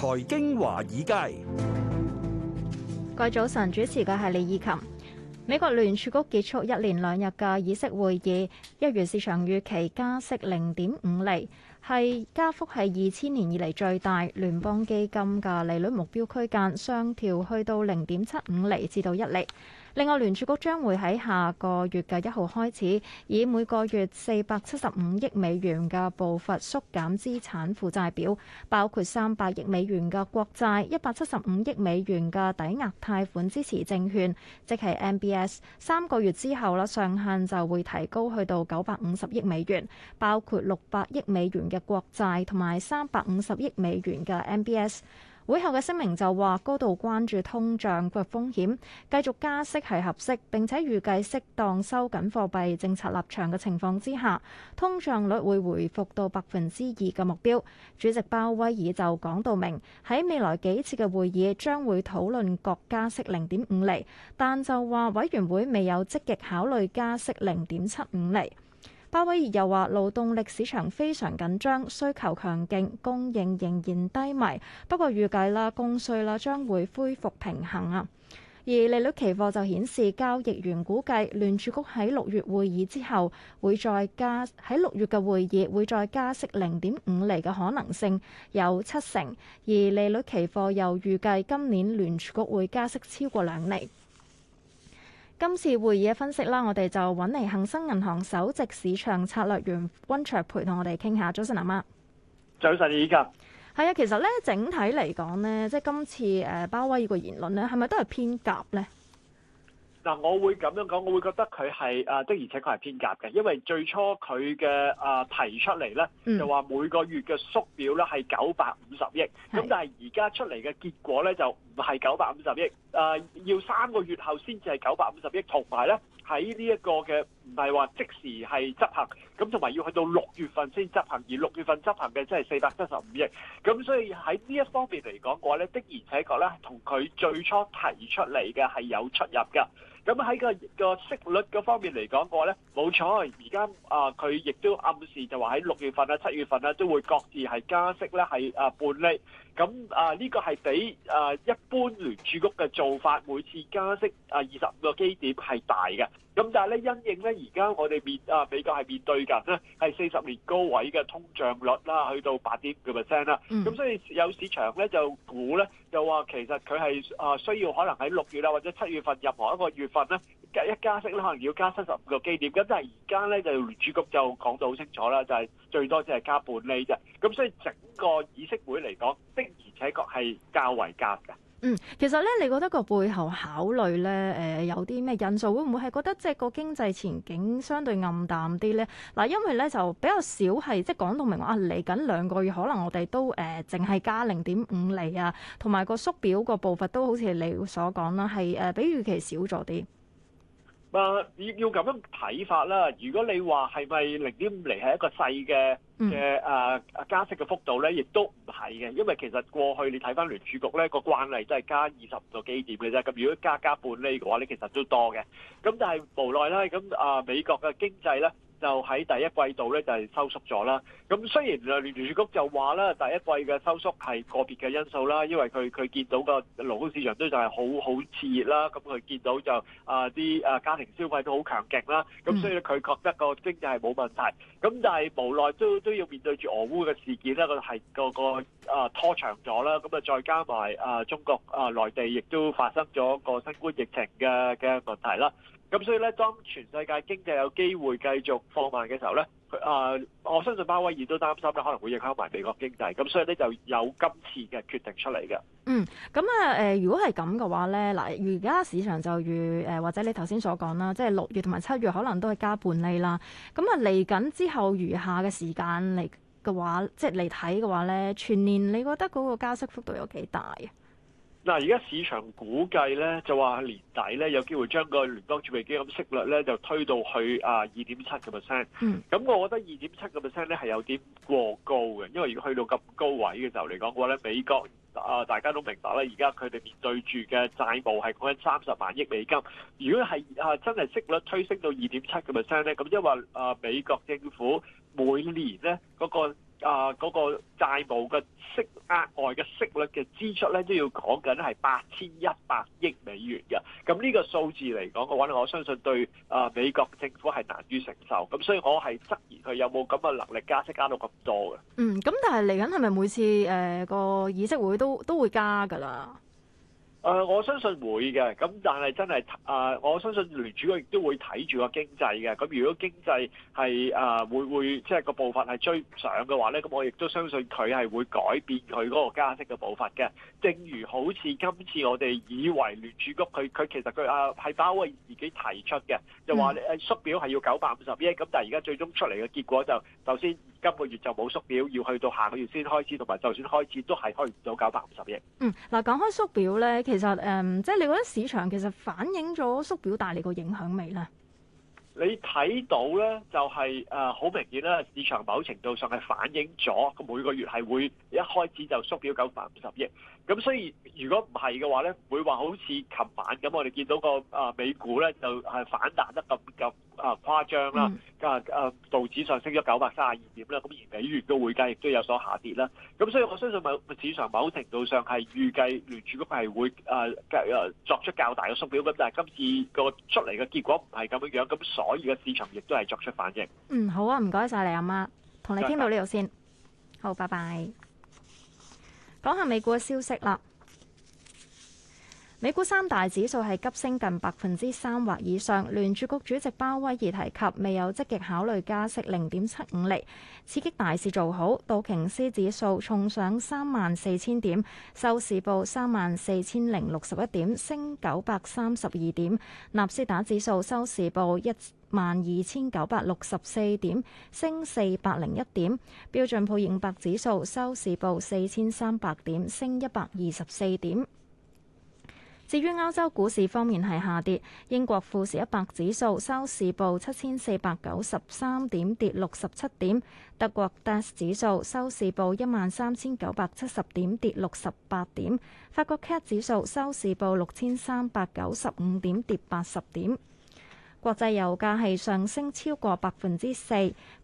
財經華爾街，各位早晨，主持嘅係李綺琴。美國聯儲局結束一連兩日嘅議息會議，一如市場預期，加息零點五厘。係加幅係二千年以嚟最大，聯邦基金嘅利率目標區間上調去到零點七五厘至到一厘。另外，聯儲局將會喺下個月嘅一號開始，以每個月四百七十五億美元嘅步伐縮減資產負債表，包括三百億美元嘅國債，一百七十五億美元嘅抵押貸款支持證券，即係 MBS。三個月之後啦，上限就會提高去到九百五十億美元，包括六百億美元嘅國債同埋三百五十億美元嘅 MBS。會後嘅聲明就話高度關注通脹嘅風險，繼續加息係合適，並且預計適當收緊貨幣政策立場嘅情況之下，通脹率會回復到百分之二嘅目標。主席鮑威爾就講到明，喺未來幾次嘅會議將會討論各加息零點五厘，但就話委員會未有積極考慮加息零點七五厘。鮑威爾又話：勞動力市場非常緊張，需求強勁，供應仍然低迷。不過預計啦，供需啦將會恢復平衡啊。而利率期貨就顯示交易員估計聯儲局喺六月會議之後會再加，喺六月嘅會議會再加息零點五厘嘅可能性有七成。而利率期貨又預計今年聯儲局會加息超過兩厘。今次會議嘅分析啦，我哋就揾嚟恒生銀行首席市場策略員温卓培同我哋傾下。早晨，阿媽，媽。早晨，李嘉。係啊，其實咧整體嚟講咧，即係今次誒鮑威爾個言論咧，係咪都係偏鴿咧？嗱，我會咁樣講，我會覺得佢係啊的，而且確係偏鴿嘅，因為最初佢嘅啊提出嚟咧，就話每個月嘅縮表咧係九百五十億，咁、嗯、但係而家出嚟嘅結果咧就。唔係九百五十億，誒、呃、要三個月後先至係九百五十億，同埋咧喺呢一個嘅唔係話即時係執行，咁同埋要去到六月份先執行，而六月份執行嘅即係四百七十五億，咁所以喺呢一方面嚟講嘅話咧，的而且確咧同佢最初提出嚟嘅係有出入噶，咁喺個個息率嗰方面嚟講嘅話咧。冇錯，而家啊，佢亦都暗示就話喺六月份啊、七月份啊，都會各自係加息咧，係啊半厘。咁啊，呢個係比啊一般聯儲局嘅做法每次加息啊二十五個基點係大嘅。咁但係咧，因應咧，而家我哋面啊美國係面對緊咧係四十年高位嘅通脹率啦，去到八點五個 percent 啦。咁所以有市場咧就估咧，就話其實佢係啊需要可能喺六月啊或者七月份任何一個月份咧。一加息咧，可能要加七十五個基點。咁但係而家咧，就聯儲局就講到好清楚啦，就係最多只係加半釐啫。咁所以整個議息會嚟講的而且確係較為鴿嘅。嗯，其實咧，你覺得個背後考慮咧，誒有啲咩因素？會唔會係覺得即係個經濟前景相對暗淡啲咧？嗱，因為咧就比較少係即係講到明話啊，嚟緊兩個月可能我哋都誒淨係加零點五釐啊，同埋個縮表個步伐都好似你所講啦，係誒比預期少咗啲。啊！要要咁樣睇法啦。如果你話係咪零點五厘係一個細嘅嘅誒加息嘅幅度咧，亦都唔係嘅，因為其實過去你睇返聯儲局咧，個慣例都係加二十五個基點嘅啫。咁如果加加半厘嘅話，你其實都多嘅。咁但係無奈啦。咁啊，美國嘅經濟咧。就喺第一季度咧就係收縮咗啦。咁雖然聯聯儲局就話啦，第一季嘅收縮係個別嘅因素啦，因為佢佢見到個勞工市場都就係好好熾熱啦。咁佢見到就啊啲啊家庭消費都好強勁啦。咁所以佢覺得個經濟係冇問題。咁但係無奈都都要面對住俄烏嘅事件咧，個係個個啊拖長咗啦。咁啊再加埋啊中國啊內地亦都發生咗個新冠疫情嘅嘅問題啦。咁所以咧，當全世界經濟有機會繼續放慢嘅時候咧，啊、呃，我相信鮑威爾都擔心咧，可能會影響埋美國經濟。咁所以咧，就有今次嘅決定出嚟嘅、嗯。嗯，咁啊，誒，如果係咁嘅話咧，嗱，而家市場就預誒、呃，或者你頭先所講啦，即係六月同埋七月可能都係加半厘啦。咁、嗯、啊，嚟緊之後餘下嘅時間嚟嘅話，即係嚟睇嘅話咧，全年你覺得嗰個加息幅度有幾大啊？嗱，而家市場估計咧，就話年底咧有機會將個聯邦儲備基金息率咧就推到去啊二點七嘅 percent。嗯。咁我覺得二點七嘅 percent 咧係有啲過高嘅，因為如果去到咁高位嘅時候嚟講嘅話咧，美國啊、呃、大家都明白啦。而家佢哋面對住嘅債務係講緊三十萬億美金。如果係啊真係息率推升到二點七嘅 percent 咧，咁即係話啊美國政府每年咧嗰、嗰個。啊！嗰、呃那個債務嘅息額外嘅息率嘅支出咧，都要講緊係八千一百億美元嘅。咁呢個數字嚟講嘅話，我相信對啊、呃、美國政府係難於承受。咁所以我係質疑佢有冇咁嘅能力加息加到咁多嘅。嗯，咁但係嚟緊係咪每次誒、呃那個議息會都都會加㗎啦？誒，我相信會嘅，咁但係真係啊，我相信聯儲局亦都會睇住個經濟嘅。咁如果經濟係啊，會會即係個步伐係追唔上嘅話咧，咁我亦都相信佢係會改變佢嗰個加息嘅步伐嘅。正如好似今次我哋以為聯儲局佢佢其實佢啊係包啊自己提出嘅，就話縮表係要九百五十億，咁但係而家最終出嚟嘅結果就頭先。今個月就冇縮表，要去到下個月先開始，同埋就算開始都係開唔到九百五十億。嗯，嗱，講開縮表咧，其實誒、嗯，即係你覺得市場其實反映咗縮表帶嚟個影響未咧？你睇到咧，就係誒好明顯啦，市場某程度上係反映咗個每個月係會一開始就縮表九百五十億。咁所以如果唔係嘅話咧，唔會話好似琴晚咁，我哋見到個誒美股咧就係、是、反彈得咁夠。張啦，咁啊、嗯，道指上升咗九百三十二點啦，咁而美元嘅匯價亦都有所下跌啦，咁所以我相信某市場某程度上係預計聯儲局係會誒誒作出較大嘅縮表，咁但係今次個出嚟嘅結果唔係咁樣樣，咁所以個市場亦都係作出反應。嗯，好啊，唔該晒你阿媽，同你傾到呢度先，的好，拜拜。講下美股嘅消息啦。美股三大指數係急升近百分之三或以上。聯儲局主席鮑威爾提及，未有積極考慮加息零點七五厘，刺激大市做好。道瓊斯指數重上三萬四千點，收市報三萬四千零六十一點，升九百三十二點。納斯達指數收市報一萬二千九百六十四點，升四百零一點。標準普爾五百指數收市報四千三百點，升一百二十四點。至於歐洲股市方面係下跌，英國富時一百指數收市報七千四百九十三點，跌六十七點；德國 DAX 指數收市報一萬三千九百七十點，跌六十八點；法國 CAC 指數收市報六千三百九十五點，跌八十點。國際油價係上升超過百分之四，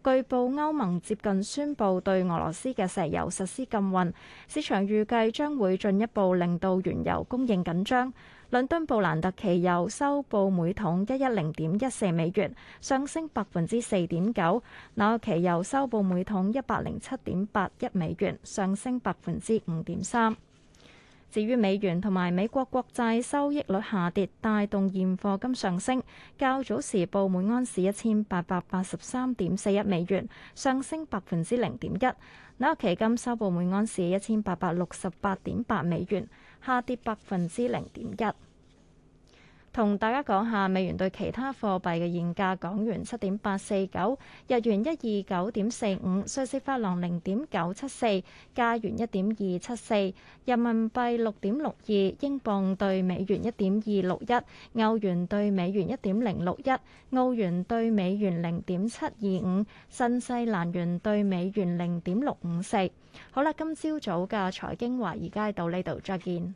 據報歐盟接近宣布對俄羅斯嘅石油實施禁運，市場預計將會進一步令到原油供應緊張。倫敦布蘭特期油收報每桶一一零點一四美元，上升百分之四點九；紐約期油收報每桶一百零七點八一美元，上升百分之五點三。至於美元同埋美國國債收益率下跌，帶動現貨金上升。較早時報每安士一千八百八十三點四一美元，上升百分之零點一。紐約期金收報每安士一千八百六十八點八美元，下跌百分之零點一。同大家講下美元對其他貨幣嘅現價：港元七點八四九，日元一二九點四五，瑞士法郎零點九七四，加元一點二七四，人民幣六點六二，英鎊對美元一點二六一，歐元對美元一點零六一，澳元對美元零點七二五，新西蘭元對美元零點六五四。好啦，今朝早嘅財經華爾街到呢度，再見。